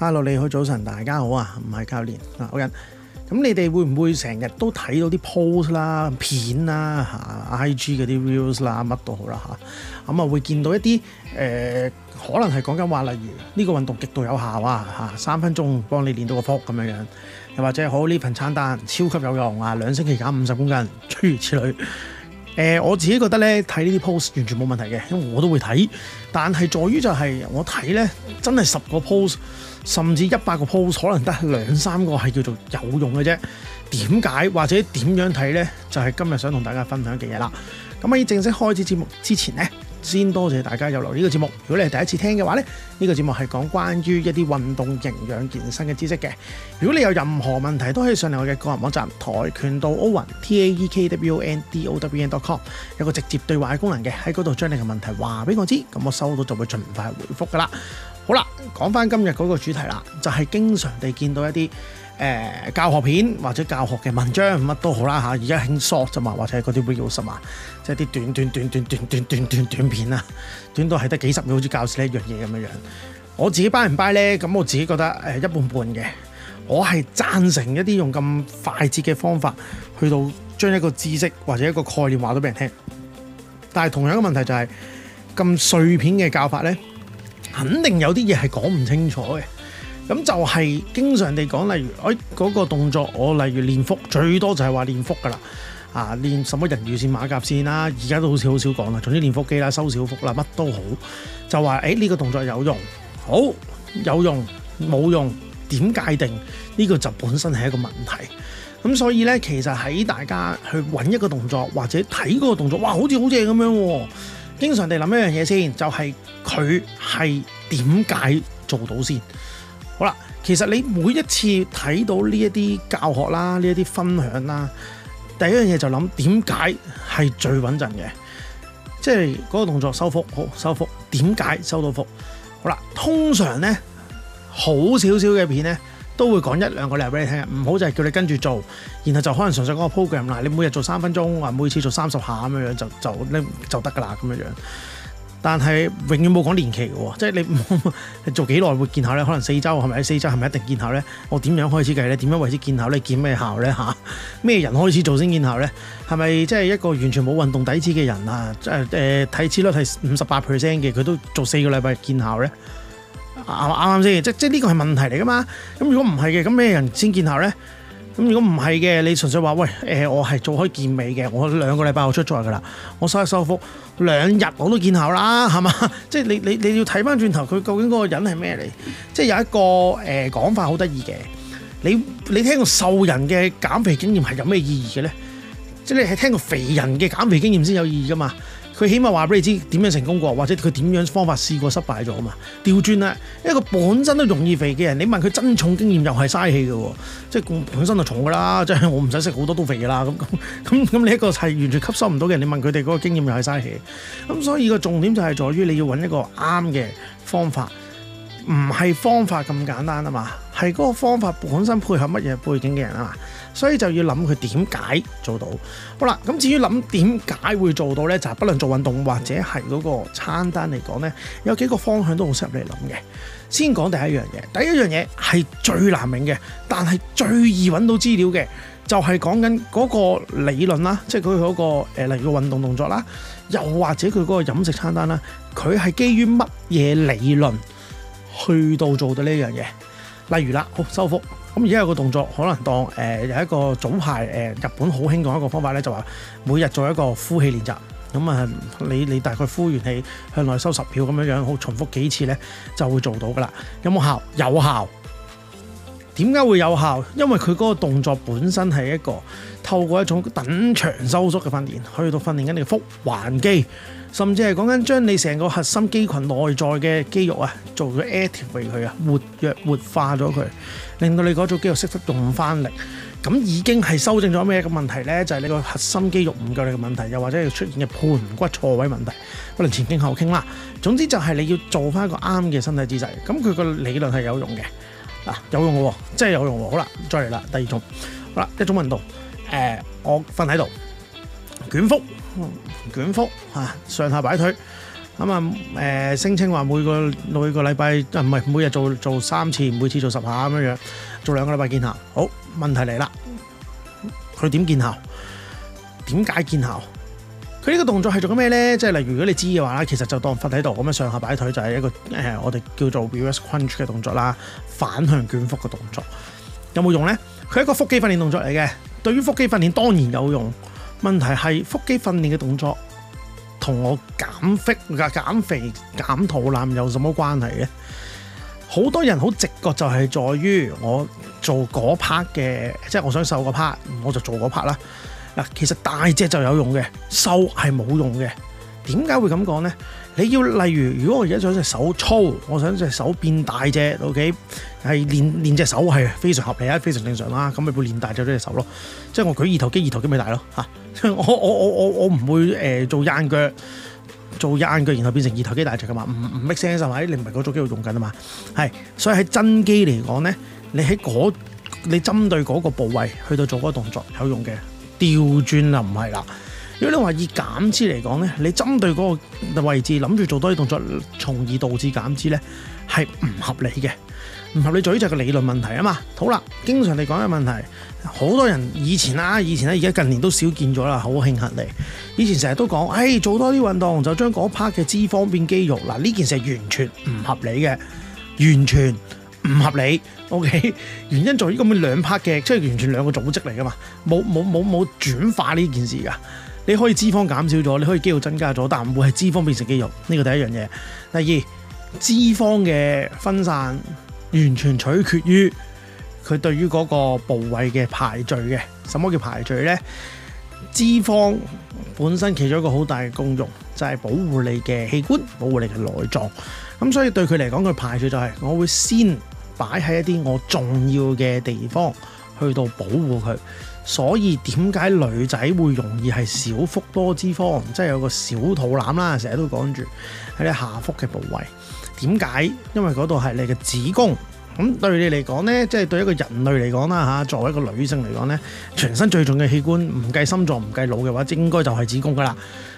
Hello，你好，早晨，大家好啊！唔係教練啊，Owen。咁你哋會唔會成日都睇到啲 post 啦、片啦、吓、啊、IG 嗰啲 views 啦，乜都好啦吓。咁啊，啊，會見到一啲誒、呃，可能係講緊話，例如呢、這個運動極度有效啊，吓，三分鐘幫你練到個腹咁樣樣，又、啊、或者好呢份餐單超級有用啊，兩星期減五十公斤，諸如此類。呃、我自己覺得咧睇呢啲 post 完全冇問題嘅，因為我都會睇。但係在於就係我睇呢，真係十個 post 甚至一百個 post，可能得兩三個係叫做有用嘅啫。點解或者點樣睇呢？就係今日想同大家分享嘅嘢啦。咁喺正式開始節目之前呢，先多謝大家有留意呢個節目。如果你係第一次聽嘅話咧，呢個節目係講關於一啲運動營養健身嘅知識嘅。如果你有任何問題，都可以上嚟我嘅個人網站跆拳道歐雲 t a e k w o n d o w e n dot com，有個直接對話功能嘅，喺嗰度將你嘅問題話俾我知，咁我收到就會盡快回覆噶啦。好啦，講翻今日嗰個主題啦，就係經常地見到一啲，誒、欸、教學片或者教學嘅文章乜都好啦、啊、嚇，而家興 short 咋嘛，或者嗰啲 video 咋，即係啲短短短短短短短短片啊，短到係得幾十秒，好似教曬呢一樣嘢咁嘅樣。我自己掰唔掰 u y 咧？咁我自己覺得誒一半半嘅。我係贊成一啲用咁快捷嘅方法去到將一個知識或者一個概念話到俾人聽。但係同樣嘅問題就係咁碎片嘅教法咧，肯定有啲嘢係講唔清楚嘅。咁就係經常地講，例如誒嗰、哎嗰個動作，我例如練腹最多就係話練腹噶啦啊，練什麼人魚線、馬甲線啦，而家都好似好少講啦。總之練腹肌啦、收小腹啦，乜都好，就話誒呢個動作有用，好有用，冇用點界定呢、呢個就本身係一個問題。咁所以呢，其實喺大家去揾一個動作或者睇嗰個動作，哇，好似好正咁樣、哦，經常地諗一樣嘢先，就係佢係點解做到先。好啦，其實你每一次睇到呢一啲教學啦，呢一啲分享啦，第一樣嘢就諗點解係最穩陣嘅，即係嗰個動作收腹，好，收腹，點解收到腹？好啦，通常咧好少少嘅片咧，都會講一兩個例俾你聽，唔好就係叫你跟住做，然後就可能純粹嗰個 program 啦，你每日做三分鐘，話每次做三十下咁樣樣就就咧就得噶啦咁樣樣。但係永遠冇講年期嘅喎，即係你，你做幾耐會見效咧？可能四周係咪？喺四周係咪一定見效咧？我點樣開始計咧？點樣為之見效咧？見咩效咧？吓、啊，咩人開始做先見效咧？係咪即係一個完全冇運動底子嘅人啊？誒、呃、誒，體脂率係五十八 percent 嘅，佢都做四個禮拜見效咧？啱啱啱先，即即係呢個係問題嚟噶嘛？咁如果唔係嘅，咁咩人先見效咧？咁如果唔係嘅，你純粹話喂，誒、呃、我係做開健美嘅，我兩個禮拜我出賽㗎啦，我收一收腹兩日我都見效啦，係嘛？即係你你你要睇翻轉頭，佢究竟嗰個人係咩嚟？即係有一個誒、呃、講法好得意嘅，你你聽個瘦人嘅減肥經驗係有咩意義嘅咧？即係你係聽個肥人嘅減肥經驗先有意義㗎嘛？佢起碼話俾你知點樣成功過，或者佢點樣方法試過失敗咗啊嘛！調轉啦，一個本身都容易肥嘅人，你問佢增重經驗又係嘥氣嘅喎，即係本身就重噶啦，即係我唔使食好多都肥啦咁咁咁你一個係完全吸收唔到嘅人，你問佢哋嗰個經驗又係嘥氣。咁所以個重點就係在於你要揾一個啱嘅方法，唔係方法咁簡單啊嘛，係嗰個方法本身配合乜嘢背景嘅人啊嘛。所以就要諗佢點解做到好啦。咁至於諗點解會做到呢？就係、是、不論做運動或者係嗰個餐單嚟講呢，有幾個方向都好適合你諗嘅。先講第一樣嘢，第一樣嘢係最難明嘅，但係最易揾到資料嘅，就係講緊嗰個理論啦，即係佢嗰個、呃、例如運動動作啦，又或者佢嗰個飲食餐單啦，佢係基於乜嘢理論去到做到呢樣嘢？例如啦，好收腹。咁而家有一個動作，可能當誒、呃、有一個早排誒、呃、日本好興嘅一個方法咧，就話、是、每日做一個呼氣練習。咁啊，你你大概呼完氣向內收十秒咁樣樣，好重複幾次咧，就會做到㗎喇。有冇效？有效。點解會有效？因為佢嗰個動作本身係一個透過一種等長收縮嘅訓練，去到訓練緊你嘅腹橫肌。還甚至係講緊將你成個核心肌群內在嘅肌肉啊，做個 activate 佢啊，活躍活化咗佢，令到你嗰組肌肉識得用翻力。咁已經係修正咗咩嘅問題咧？就係、是、你個核心肌肉唔夠力嘅問題，又或者係出現嘅盤骨錯位問題，不能前傾後傾啦。總之就係你要做翻一個啱嘅身體姿勢。咁佢個理論係有用嘅，啊有用嘅喎、哦，真係有用喎。好啦，再嚟啦，第二種，好啦，一種運動，誒、呃，我瞓喺度。捲腹，捲腹嚇、啊、上下擺腿咁啊。誒、呃、聲稱話每個每個禮拜唔係、啊、每日做做三次，每次做十下咁樣樣，做兩個禮拜見效。好，問題嚟啦，佢點見效？點解見效？佢呢個動作係做緊咩咧？即係例如如果你知嘅話啦，其實就當瞓喺度咁樣上下擺腿，就係一個誒、呃、我哋叫做 Reverse Crunch 嘅動作啦，反向捲腹嘅動作有冇用咧？佢係一個腹肌訓練動作嚟嘅，對於腹肌訓練當然有用。問題係腹肌訓練嘅動作，同我減肥、減肥、減肚腩有什麼關係呢？好多人好直覺就係在於我做嗰 part 嘅，即係我想瘦嗰 part，我就做嗰 part 啦。嗱，其實大隻就有用嘅，瘦係冇用嘅。點解會咁講呢？你要例如，如果我而家想隻手粗，我想隻手變大隻，OK，係練練隻手係非常合理啊，非常正常啦。咁咪會練大隻咗隻手咯。即係我舉二頭肌，二頭肌咪大咯嚇。我我我我我唔會誒做硬腳，做硬腳然後變成二頭肌大隻噶嘛。唔唔 make sense 係咪？你唔係嗰種肌肉用緊啊嘛。係，所以喺真肌嚟講咧，你喺嗰你針對嗰個部位去到做嗰個動作有用嘅，調轉就唔係啦。如果你話以減脂嚟講咧，你針對嗰個位置諗住做多啲動作，從而導致減脂咧，係唔合理嘅，唔合理嘴就係個理論問題啊嘛。好啦，經常哋講嘅問題，好多人以前啦、啊，以前咧、啊，而家近年都少見咗啦，好慶幸你。以前成日都講，誒、哎、做多啲運動就將嗰 part 嘅脂肪變肌肉，嗱呢件事係完全唔合理嘅，完全唔合理。OK，原因在於咁樣兩 part 嘅，即、就、係、是、完全兩個組織嚟噶嘛，冇冇冇冇轉化呢件事噶。你可以脂肪減少咗，你可以肌肉增加咗，但唔會係脂肪變成肌肉。呢個第一樣嘢。第二，脂肪嘅分散完全取決於佢對於嗰個部位嘅排序嘅。什麼叫排序呢？脂肪本身其中一個好大嘅功用就係保護你嘅器官，保護你嘅內臟。咁所以對佢嚟講，佢排序就係我會先擺喺一啲我重要嘅地方。去到保護佢，所以點解女仔會容易係小腹多脂肪，即係有個小肚腩啦，成日都講住喺你下腹嘅部位。點解？因為嗰度係你嘅子宮，咁對你嚟講呢，即係對一個人類嚟講啦嚇，作為一個女性嚟講呢，全身最重嘅器官，唔計心臟唔計腦嘅話，應該就係子宮噶啦。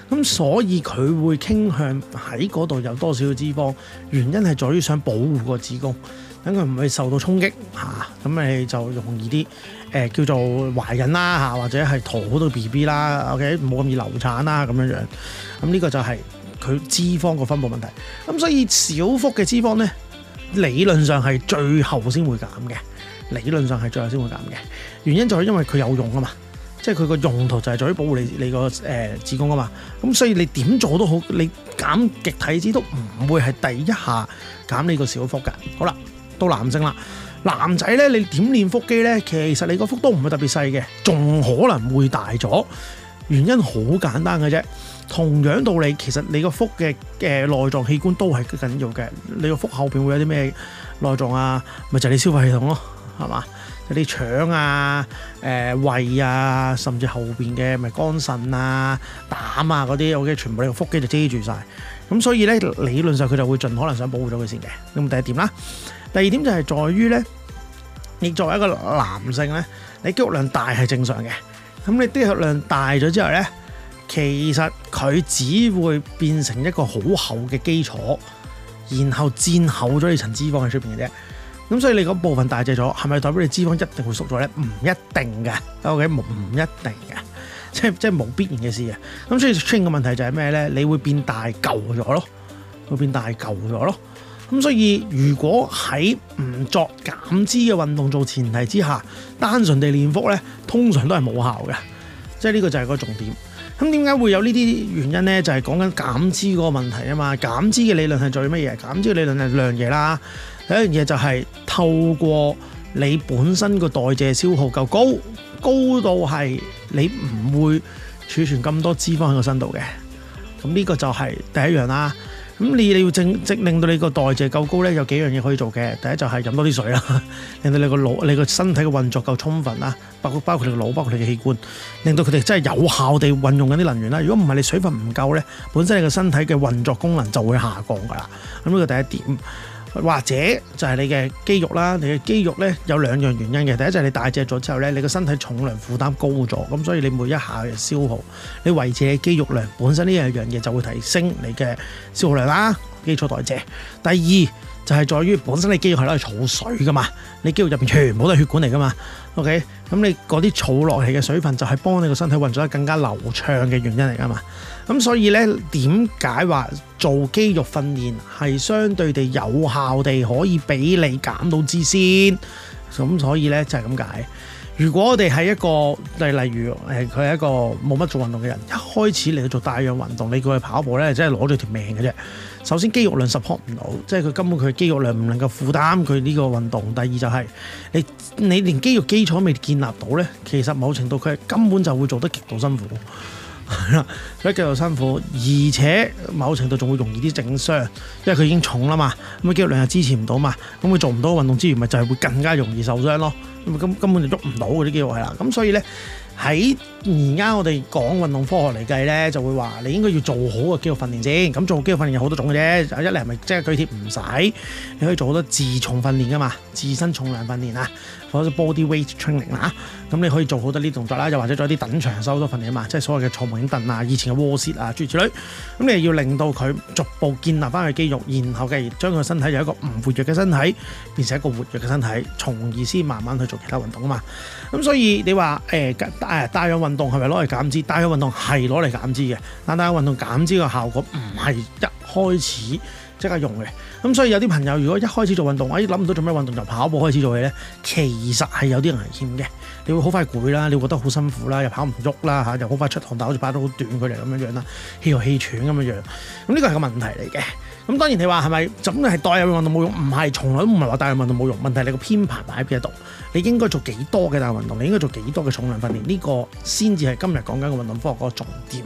咁所以佢會傾向喺嗰度有多少的脂肪，原因係在於想保護個子宮。等佢唔會受到衝擊嚇，咁、啊、你就容易啲誒、呃、叫做懷孕啦嚇、啊，或者係肚到 B B 啦，OK 冇咁易流產啦咁樣樣。咁、啊、呢、這個就係佢脂肪個分布問題。咁所以小腹嘅脂肪咧，理論上係最後先會減嘅。理論上係最後先會減嘅原因就係因為佢有用啊嘛，即係佢個用途就係做啲保護你你個誒、呃、子宮啊嘛。咁所以你點做都好，你減極體脂都唔會係第一下減呢個小腹㗎。好啦。都男性啦，男仔咧，你點練腹肌咧？其實你個腹都唔係特別細嘅，仲可能會大咗。原因好簡單嘅啫，同樣道理，其實你個腹嘅誒、呃、內臟器官都係緊要嘅。你個腹後邊會有啲咩內臟啊？咪就係、是、你消化系統咯、啊，係嘛？有、就、啲、是、腸啊、誒、呃、胃啊，甚至後邊嘅咪肝腎啊、膽啊嗰啲，OK，全部你個腹肌就遮住晒。咁，所以咧理論上佢就會盡可能想保護到佢先嘅。咁第一點啦。第二點就係在於咧，你作為一個男性咧，你肌肉量大係正常嘅。咁你肌肉量大咗之後咧，其實佢只會變成一個好厚嘅基礎，然後墊厚咗呢層脂肪喺出邊嘅啫。咁所以你嗰部分大隻咗，係咪代表你脂肪一定會縮咗咧？唔一定嘅，OK，冇唔一定嘅，即係即係冇必然嘅事啊。咁所以出現嘅問題就係咩咧？你會變大舊咗咯，會變大舊咗咯。咁所以如果喺唔作減脂嘅運動做前提之下，單純地練腹咧，通常都係冇效嘅。即係呢個就係個重點。咁點解會有呢啲原因咧？就係講緊減脂個問題啊嘛。減脂嘅理論係做咩嘢？減脂嘅理論係兩嘢啦。第一樣嘢就係透過你本身個代謝消耗夠高，高到係你唔會儲存咁多脂肪喺個身度嘅。咁呢個就係第一樣啦。咁你你要正即令到你個代謝夠高咧，有幾樣嘢可以做嘅。第一就係飲多啲水啦，令到你個腦、你個身體嘅運作夠充分啦。包括包括你嘅腦，包括你嘅器官，令到佢哋真係有效地運用緊啲能源啦。如果唔係，你水分唔夠咧，本身你個身體嘅運作功能就會下降噶啦咁呢個第一點。或者就係你嘅肌肉啦，你嘅肌肉呢，有兩樣原因嘅，第一就係你大隻咗之後呢，你個身體重量負擔高咗，咁所以你每一下嘅消耗，你維持你肌肉量本身呢一樣嘢就會提升你嘅消耗量啦，基礎代謝。第二就係、是、在於本身你肌肉係攞嚟儲水噶嘛，你肌肉入邊全部都係血管嚟噶嘛，OK？咁你嗰啲儲落嚟嘅水分就係幫你個身體運作得更加流暢嘅原因嚟噶嘛。咁所以咧，點解話做肌肉訓練係相對地有效地可以俾你減到脂先？咁所以咧，就係咁解。如果我哋係一個例，例如誒，佢係一個冇乜做運動嘅人，一開始嚟到做帶氧運動，你叫佢跑步咧，即係攞咗條命嘅啫。首先肌肉量 support 唔到，即係佢根本佢肌肉量唔能夠負擔佢呢個運動。第二就係、是、你你連肌肉基礎未建立到咧，其實某程度佢係根本就會做得極度辛苦。係啦，所以繼續辛苦，而且某程度仲會容易啲整傷，因為佢已經重啦嘛，咁啲肌肉量又支持唔到嘛，咁佢做唔到運動之餘，咪就係、是、會更加容易受傷咯，咁根根本就喐唔到嗰啲肌肉係啦，咁所以咧喺。而家我哋講運動科學嚟計咧，就會話你應該要做好個肌肉訓練先。咁做肌肉訓練有好多種嘅啫。一嚟係咪即係舉鐵唔使？你可以做好多自重訓練噶嘛，自身重量訓練啊，或者是 body weight training 啊。咁你可以做好多呢啲動作啦，又或者做啲等長收縮訓練啊嘛，即係所謂嘅坐無影凳啊、以前嘅 wall sit 啊諸如此類。咁你係要令到佢逐步建立翻佢肌肉，然後繼而將佢身體由一個唔活躍嘅身體變成一個活躍嘅身體，從而先慢慢去做其他運動啊嘛。咁所以你話誒誒帶氧運動係咪攞嚟減脂？帶氧運動係攞嚟減脂嘅，但帶氧運動減脂嘅效果唔係一開始即刻用嘅。咁、嗯、所以有啲朋友如果一開始做運動，哎諗唔到做咩運動就跑步開始做嘢咧，其實係有啲危險嘅。你會好快攰啦，你會覺得好辛苦啦，又跑唔喐啦嚇，又好快出汗，但好似跑得好短距離咁樣樣啦，氣到氣喘咁樣樣。咁呢個係個問題嚟嘅。咁、嗯、當然你話係咪咁係帶氧運動冇用？唔係，從來都唔係話帶氧運動冇用。問題你個編排擺喺邊度？你應該做幾多嘅帶氧運動？你應該做幾多嘅重量訓練？呢、呢個先至係今日講緊嘅運動科學個重點。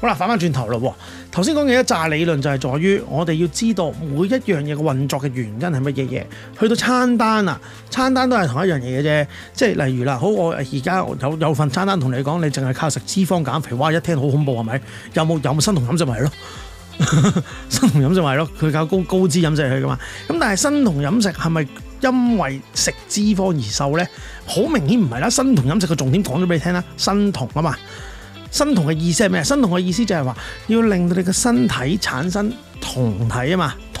好啦，反翻轉頭咯，頭先講嘅一紮理論就係在於我哋要知道每一一樣嘢嘅運作嘅原因係乜嘢嘢？去到餐單啊，餐單都係同一樣嘢嘅啫。即係例如啦，好我而家有有份餐單同你講，你淨係靠食脂肪減肥，哇！一聽好恐怖係咪？有冇有冇生酮飲食咪係咯？就是、囉 生酮飲食咪係咯？佢靠高高脂飲食去噶嘛？咁但係生酮飲食係咪因為食脂肪而瘦咧？好明顯唔係啦。生酮飲食嘅重點講咗俾你聽啦，生酮啊嘛，生酮嘅意思係咩？生酮嘅意思就係話要令到你嘅身體產生酮體啊嘛。銅呢個物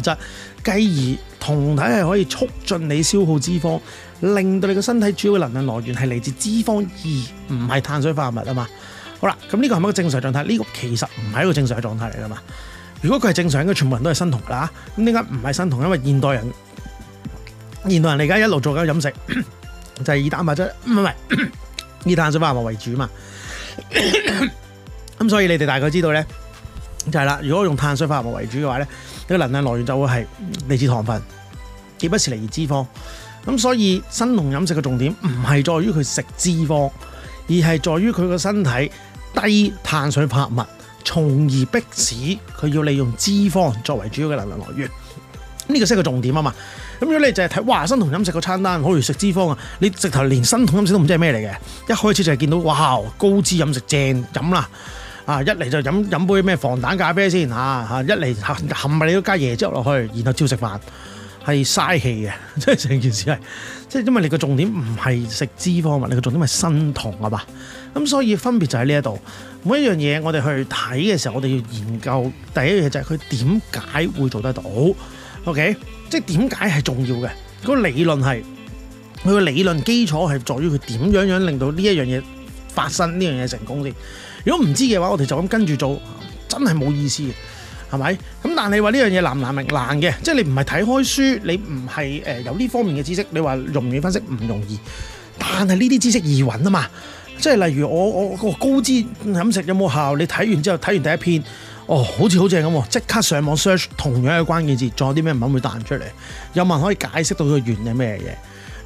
質，繼而酮體係可以促進你消耗脂肪，令到你個身體主要的能量來源係嚟自脂肪，而唔係碳水化合物啊嘛。 好啦，咁呢個係咪個正常狀態？呢、這個其實唔係一個正常嘅狀態嚟噶嘛。如果佢係正常嘅，應該全部人都係生酮啦。咁點解唔係生酮？因為現代人，現代人嚟而家一路做緊飲食 就係、是、以蛋白質唔係唔係以碳水化合物為主嘛。咁 所以你哋大概知道咧，就係、是、啦。如果用碳水化合物為主嘅話咧，個能量來源就會係嚟自糖分，而不是嚟自脂肪。咁所以生酮飲食嘅重點唔係在於佢食脂肪，而係在於佢個身體低碳水化合物，從而迫使佢要利用脂肪作為主要嘅能量來源。呢個先係個重點啊嘛。咁如果你就係睇哇生酮飲食個餐單，好容易食脂肪啊！你直頭連生酮飲食都唔知係咩嚟嘅，一開始就係見到哇高脂飲食正飲啦。啊！一嚟就飲杯咩防彈咖啡先、啊、一嚟冚埋你都加椰汁落去，然後照食飯，係嘥氣嘅，即係成件事係即係因為你個重點唔係食脂肪物，你個重點係生酮啊嘛。咁所以分別就喺呢一度，每一樣嘢我哋去睇嘅時候，我哋要研究第一樣嘢就係佢點解會做得到？OK，即係點解係重要嘅？嗰、嗰個理論係佢個理論基礎係在於佢點樣樣令到呢一樣嘢發生，呢樣嘢成功先。如果唔知嘅話，我哋就咁跟住做，真係冇意思嘅，係咪？咁但係話呢樣嘢難唔難明？難嘅，即係你唔係睇開書，你唔係誒有呢方面嘅知識，你話容易分析唔容易。但係呢啲知識易揾啊嘛，即係例如我我個高脂飲食有冇效？你睇完之後睇完第一篇，哦，好似好正咁，即刻上網 search 同樣嘅關鍵字，仲有啲咩文會彈出嚟？有冇文可以解釋到個原理咩嘢？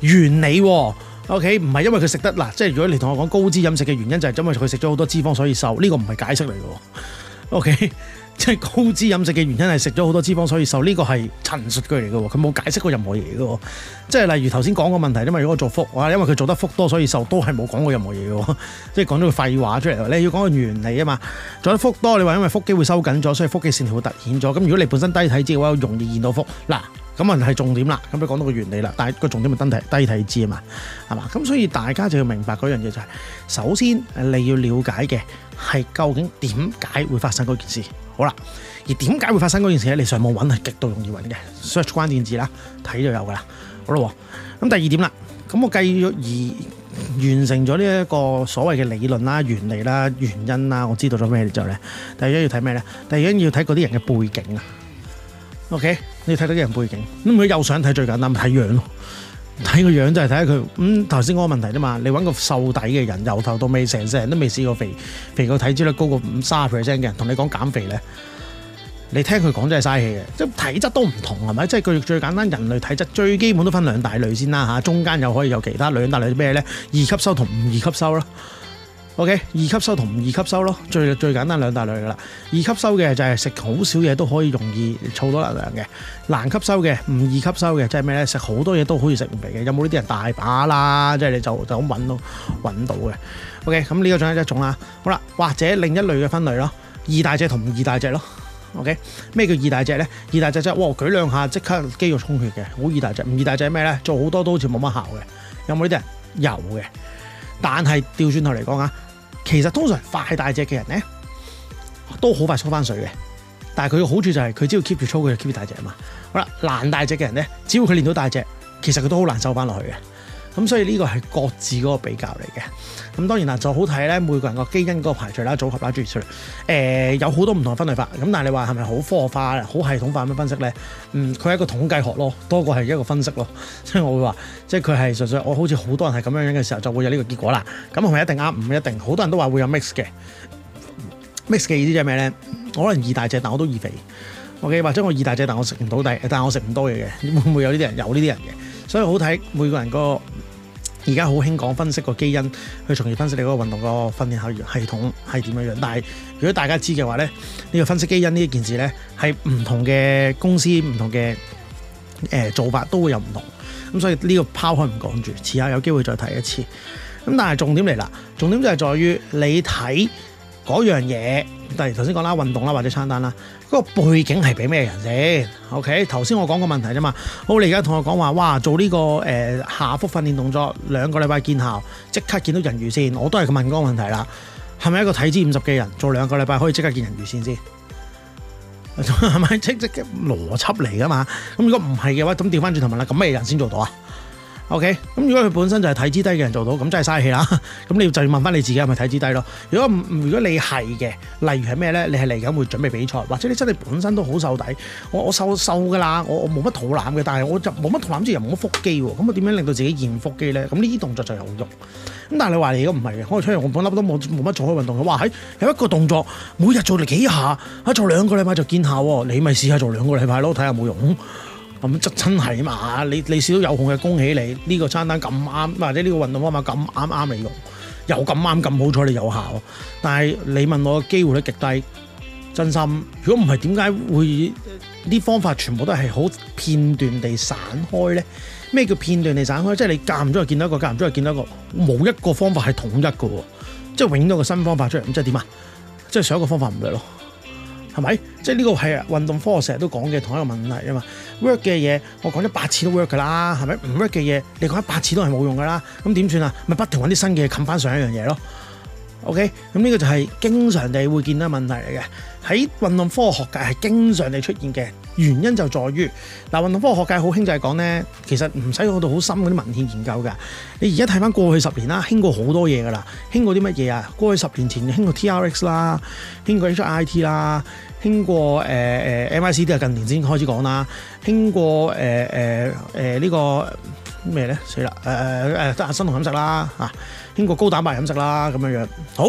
原理喎、哦。O.K. 唔係因為佢食得嗱，即係如果你同我講高脂飲食嘅原因就係因為佢食咗好多脂肪所以瘦，呢個唔係解釋嚟嘅。O.K. 即係高脂飲食嘅原因係食咗好多脂肪所以瘦，呢個係陳述句嚟嘅喎，佢冇解釋過任何嘢嘅喎。即係例如頭先講個問題，因為如果做腹，哇，因為佢做得腹多所以瘦，都係冇講過任何嘢嘅喎，即係講咗個廢話出嚟。你要講個原理啊嘛，做得腹多，你話因為腹肌會收緊咗，所以腹肌線條會凸顯咗。咁如果你本身低體脂嘅話，容易見到腹嗱。咁啊，係重點啦！咁你講到個原理啦，但係個重點係低低提字啊嘛，係嘛？咁所以大家就要明白嗰樣嘢就係、是，首先你要了解嘅係究竟點解會發生嗰件事。好啦，而點解會發生嗰件事咧？你上網揾係極度容易揾嘅，search 關鍵字啦，睇就有噶啦，好啦。咁第二點啦，咁我繼續而完成咗呢一個所謂嘅理論啦、原理啦、原因啦，我知道咗咩之後咧，第二要睇咩咧？第二要睇嗰啲人嘅背景啊。OK。你睇到啲人背景，咁佢又想睇最簡單看，咪睇樣咯。睇個樣就係睇下佢。咁頭先嗰個問題啫嘛，你揾個瘦底嘅人，由頭到尾成世人都未試過肥，肥個體脂率高過卅 percent 嘅人，同你講減肥咧，你聽佢講真係嘥氣嘅。即係體質都唔同係咪？即係佢最簡單，人類體質最基本都分兩大類先啦嚇，中間又可以有其他兩大類咩咧？易吸收同唔易吸收咯。O K，易吸收同唔易吸收咯，最最簡單的兩大類噶啦。易吸收嘅就係食好少嘢都可以容易儲到能量嘅，難吸收嘅唔易吸收嘅即係咩咧？食好多嘢都可以食唔嚟嘅，有冇呢啲人？大把啦，即係你就就咁揾到揾到嘅。O K，咁呢個仲有一種啦。好啦，或者另一類嘅分類咯，易大隻同唔易大隻咯。O K，咩叫易大隻咧？易大隻即係哇，舉兩下即刻肌肉充血嘅，好易大隻。唔易大隻咩咧？做好多都好似冇乜效嘅，有冇呢啲人？有嘅。但係調轉頭嚟講啊！其實通常快大隻嘅人咧，都好快收翻水嘅。但係佢嘅好處就係佢只要 keep 住操，佢就 keep 住大隻啊嘛。好啦，難大隻嘅人咧，只要佢練到大隻，其實佢都好難收翻落去嘅。咁所以呢個係各自嗰個比較嚟嘅。咁當然啦，就好睇咧，每個人個基因嗰個排序啦、組合啦，注出嚟。誒，有好多唔同分類法。咁但係你話係咪好科學化、好系統化咁樣分析咧？嗯，佢係一個統計學咯，多過係一個分析咯。即係我會話，即係佢係純粹我好似好多人係咁樣樣嘅時候就會有呢個結果啦。咁係咪一定啱？唔一定。好多人都話會有 mix 嘅。mix 嘅意思即係咩咧？可能二大隻，但我都易肥。Okay? 或者我嘅話將我二大隻，但我食唔到底，但係我食唔多嘢嘅，會唔會有呢啲人？有呢啲人嘅。所以好睇每個人個。而家好興講分析個基因，去從而分析你嗰個運動個訓練系統係點樣樣。但係如果大家知嘅話咧，呢個分析基因呢件事咧，係唔同嘅公司、唔同嘅誒、呃、做法都會有唔同。咁所以呢個拋開唔講住，遲下有機會再提一次。咁但係重點嚟啦，重點就係在於你睇。嗰樣嘢，但係頭先講啦，運動啦或者餐單啦，嗰、個背景係俾咩人先？OK，頭先我講個問題啫嘛。好，你而家同我講話，哇，做呢、個、呃、下腹訓練動作兩個禮拜見效，即刻見到人魚線。我都係咁問嗰個問題啦。係咪一個體脂五十嘅人做兩個禮拜可以即刻見人魚線先？係咪即即邏輯嚟噶嘛？咁如果唔係嘅話，咁調翻轉頭問啦，咁咩人先做到啊？OK，咁如果佢本身就係體脂低嘅人做到，咁真係嘥氣啦。咁 你要就要問翻你自己係咪體脂低咯？如果如果你係嘅，例如係咩咧？你係嚟緊會準備比賽，或者你真係本身都好瘦底。我我瘦瘦㗎啦，我我冇乜肚腩嘅，但係我就冇乜肚腩，又冇乜腹肌喎。咁啊點樣令到自己顯腹肌咧？咁呢啲動作就有用。咁但係你話你如果唔係嘅，我能出嚟我冇乜都冇冇乜做開運動嘅。哇，喺有一個動作，每日做你幾下，啊做兩個禮拜就見效喎。你咪試下做兩個禮拜咯，睇下有冇用。咁、嗯、真係啊嘛！你你有空嘅，恭喜你！呢個餐單咁啱，或者呢個運動方法咁啱啱你用，又咁啱咁好彩你有效。但係你問我嘅機會率極低，真心。如果唔係點解會啲方法全部都係好片段地散開咧？咩叫片段地散開？即係你間唔中又見到一個，間唔中又見到一個，冇一個方法係統一㗎喎。即係永咗個新方法出嚟，咁即係點啊？即係上一個方法唔對咯。係咪？即係呢個係運動科學成日都講嘅同一個問題啊嘛。work 嘅嘢我講咗八次都 work 噶啦，係咪？唔 work 嘅嘢你講一百次都係冇用噶啦。咁點算啊？咪不停搵啲新嘅冚返上一樣嘢咯。OK，咁呢個就係經常地會見到問題嚟嘅，喺運動科學界係經常地出現嘅。原因就在於，嗱、嗯、運動科學界好興就係講咧，其實唔使去到好深嗰啲文獻研究噶。你而家睇翻過去十年啦，興過好多嘢噶啦，興過啲乜嘢啊？過去十年前興過 TRX 啦，興、呃、過 HIIT 啦，興過 MICD 啊，近年先開始講啦，興過誒誒呢個咩咧？死啦誒誒，生酮同飲食啦經過高蛋白飲食啦，咁樣樣好。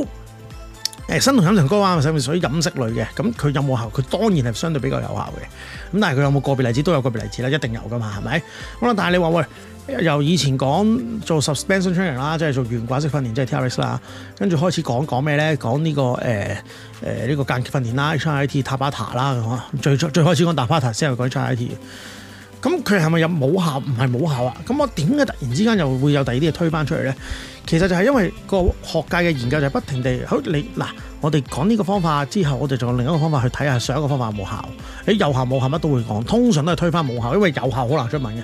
誒、欸，生酮飲食高啊，上咪屬於飲食類嘅，咁佢有冇效果？佢當然係相對比較有效嘅。咁但係佢有冇個別例子？都有個別例子啦，一定有噶嘛，係咪？好啦，但係你話喂、欸，由以前講做 suspension training 啦，即係做懸掛式訓練，即係 TRX 啦，跟住開始講講咩咧？講呢、這個誒誒呢個間歇訓練啦，HIIT、塔巴塔啦，咁啊，最最開始講塔巴塔，先係講 HIIT。咁佢係咪有冇效？唔係冇效啊！咁我點解突然之間又會有第二啲嘢推翻出嚟呢？其實就係因為個學界嘅研究就係不停地。好，你嗱，我哋講呢個方法之後，我哋就用另一個方法去睇下上一個方法冇效，你有效冇效乜都會講，通常都係推翻冇效，因為有效好難出文嘅。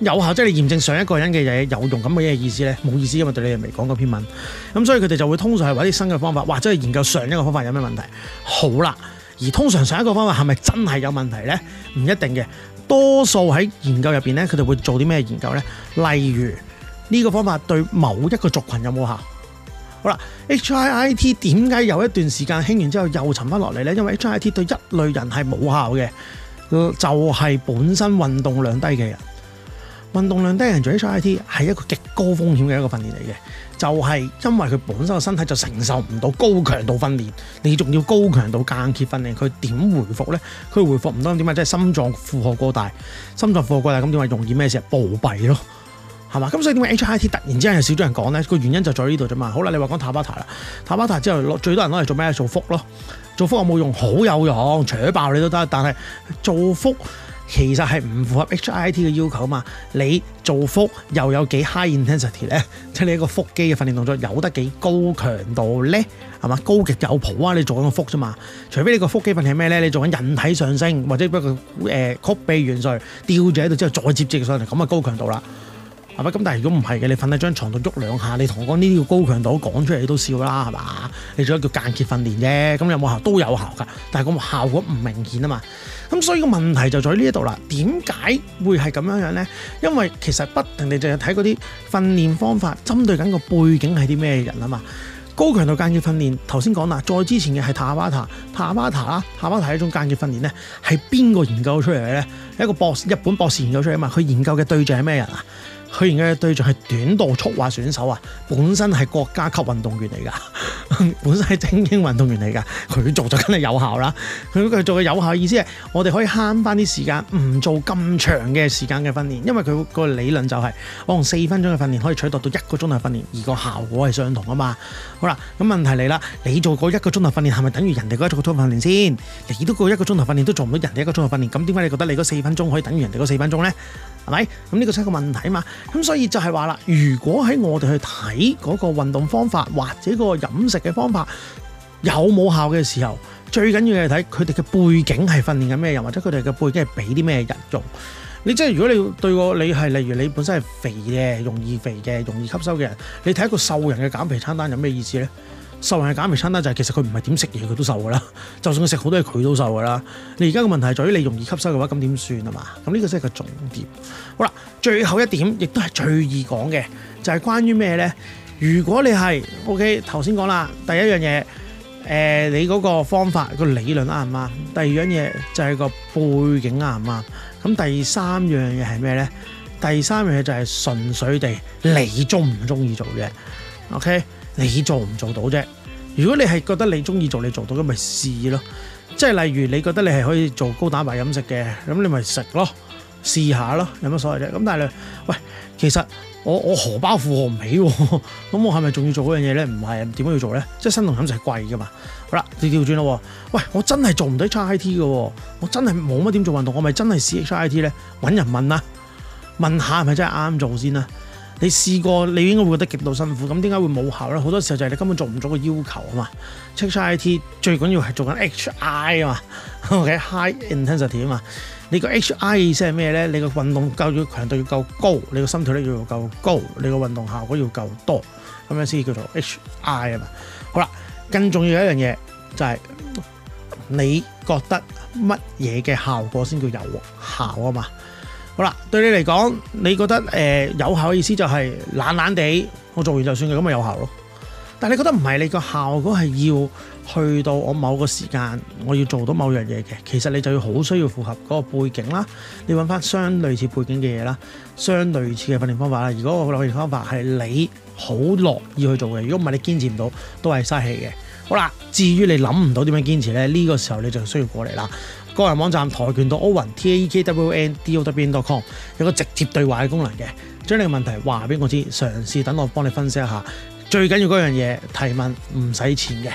有效即係、就是、你驗證上一個人嘅嘢有用咁嘅嘢意思呢？冇意思，因為對你哋未講過篇文。咁所以佢哋就會通常係揾啲新嘅方法，或者係研究上一個方法有咩問題。好啦，而通常上一個方法係咪真係有問題呢？唔一定嘅。多數喺研究入面，咧，佢哋會做啲咩研究呢？例如呢個方法對某一個族群有冇效？好啦，HIIT 點解有一段時間興完之後又沉翻落嚟呢？因為 HIIT 對一類人係冇效嘅，就係本身運動量低嘅人。運動量低嘅人做 HIIT 係一個極高風險嘅一個訓練嚟嘅，就係因為佢本身個身體就承受唔到高強度訓練，你仲要高強度間歇訓練，佢點回復咧？佢回復唔到點解？即係心臟負荷過大，心臟負荷過大咁點解容易咩事？暴斃咯，係嘛？咁所以點解 HIIT 突然之間有少咗人講咧？個原因就在呢度啫嘛。好啦，你話講塔巴塔啦，塔巴塔之後攞最多人攞嚟做咩？做腹咯，做腹有冇用？好有用，除咗爆你都得，但係做腹。其實係唔符合 HIIT 嘅要求啊嘛！你做腹又有幾 high intensity 咧？即係你一個腹肌嘅訓練動作有得幾高強度咧？係嘛？高極有譜啊！你做緊個腹啫嘛！除非你個腹肌訓練係咩咧？你做緊引體上升或者不過誒曲臂懸垂吊住喺度，之後再接住上嚟咁啊，高強度啦！咁但係，如果唔係嘅，你瞓喺張床度喐兩下，你同我講呢啲叫高強度，講出嚟你都笑啦，係嘛？你仲有叫間歇訓練啫。咁有冇效？都有效㗎，但係咁效果唔明顯啊嘛。咁所以個問題就喺呢一度啦。點解會係咁樣樣咧？因為其實不停地就係睇嗰啲訓練方法，針對緊個背景係啲咩人啊嘛。高強度間歇訓練，頭先講啦，再之前嘅係塔巴塔塔巴塔啦，塔巴塔一種間歇訓練咧，係邊個研究出嚟嘅咧？一個博士，日本博士研究出嚟啊嘛。佢研究嘅對象係咩人啊？佢而家嘅對象係短道速滑選手啊，本身係國家級運動員嚟噶，本身係精英運動員嚟噶，佢做就梗係有效啦。佢佢做嘅有效意思係，我哋可以慳翻啲時間，唔做咁長嘅時間嘅訓練，因為佢個理論就係，我用四分鐘嘅訓練可以取代到一個鐘頭嘅訓練，而個效果係相同啊嘛。好啦，咁問題嚟啦，你做過一個鐘頭訓練係咪等於人哋嗰一個鐘頭訓練先？你都過一個鐘頭訓練都做唔到人哋一個鐘頭訓練，咁點解你覺得你嗰四分鐘可以等於人哋嗰四分鐘呢？係咪？咁呢個係一個問題嘛。咁所以就係話啦，如果喺我哋去睇嗰個運動方法或者嗰個飲食嘅方法有冇效嘅時候，最緊要係睇佢哋嘅背景係訓練緊咩人，或者佢哋嘅背景係俾啲咩人用。你即係如果你對個你係例如你本身係肥嘅、容易肥嘅、容易吸收嘅人，你睇一個瘦人嘅減肥餐單有咩意思呢？瘦人嘅減肥餐單就係其實佢唔係點食嘢佢都瘦噶啦，就算佢食好多嘢佢都瘦噶啦。你而家嘅問題是在於你容易吸收嘅話，咁點算啊嘛？咁呢個真係個重點。好啦，最後一點亦都係最易講嘅，就係、是、關於咩咧？如果你係 OK，頭先講啦，第一樣嘢，誒、呃、你嗰個方法、個理論啱唔啱？第二樣嘢就係個背景啱唔啱？咁第三樣嘢係咩咧？第三樣嘢就係純粹地你鍾唔鍾意做嘅？OK。你做唔做到啫？如果你係覺得你中意做，你做到咁咪試咯。即係例如你覺得你係可以做高蛋白飲食嘅，咁你咪食咯，試下咯，有乜所謂啫？咁但係你喂，其實我我荷包負荷唔起喎，咁我係咪仲要做嗰樣嘢咧？唔係，點樣要做咧？即係新運動飲食係貴噶嘛？好啦，你調轉啦。喂，我真係做唔到 CHIT 嘅、啊，我真係冇乜點做運動，我咪真係試 CHIT 咧？搵人問啊，問下係咪真係啱做先啊？你試過，你應該會覺得極度辛苦。咁點解會冇效咧？好多時候就係你根本做唔到個要求啊嘛。HIIT 最緊要係做緊 H I 啊嘛，OK high intensity 啊嘛。你個 H I 意思係咩咧？你個運動夠要強度要夠高，你個心跳率要夠高，你個運動效果要夠多，咁樣先叫做 H I 啊嘛。好啦，更重要的一樣嘢就係、係、你覺得乜嘢嘅效果先叫有效啊嘛。好啦，對你嚟講，你覺得、呃、有效嘅意思就係懶懶地，我做完就算嘅咁咪有效咯。但你覺得唔係，你個效果係要去到我某個時間，我要做到某樣嘢嘅，其實你就要好需要符合嗰個背景啦。你揾翻相類似背景嘅嘢啦，相類似嘅訓練方法啦。如果個訓練方法係你好樂意去做嘅，如果唔係你堅持唔到，都係嘥氣嘅。好啦，至於你諗唔到點樣堅持呢，呢、呢個時候你就需要過嚟啦。個人網站跆拳道歐雲 T A E K W O N D O W E N dot com 有個直接對話嘅功能嘅，將你嘅問題話俾我知，嘗試等我幫你分析一下。最緊要嗰樣嘢，提問唔使錢嘅。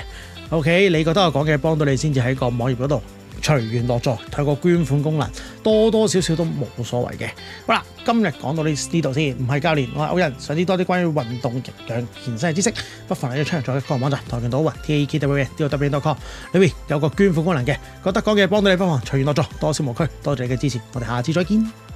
OK，你覺得我講嘅幫到你先至喺個網頁嗰度。隨緣樂助，睇個捐款功能，多多少少都冇所謂嘅。好啦，今日講到呢呢度先，唔係教練，我係歐人，想知多啲關於運動營養健身嘅知識，不妨喺出人做嘅官網站跆拳道 Wen TAEKWONDOWEN dot com 裏面有個捐款功能嘅，覺得講嘅幫到你不妨，隨緣樂助，多少唔拘，多謝你嘅支持，我哋下次再見。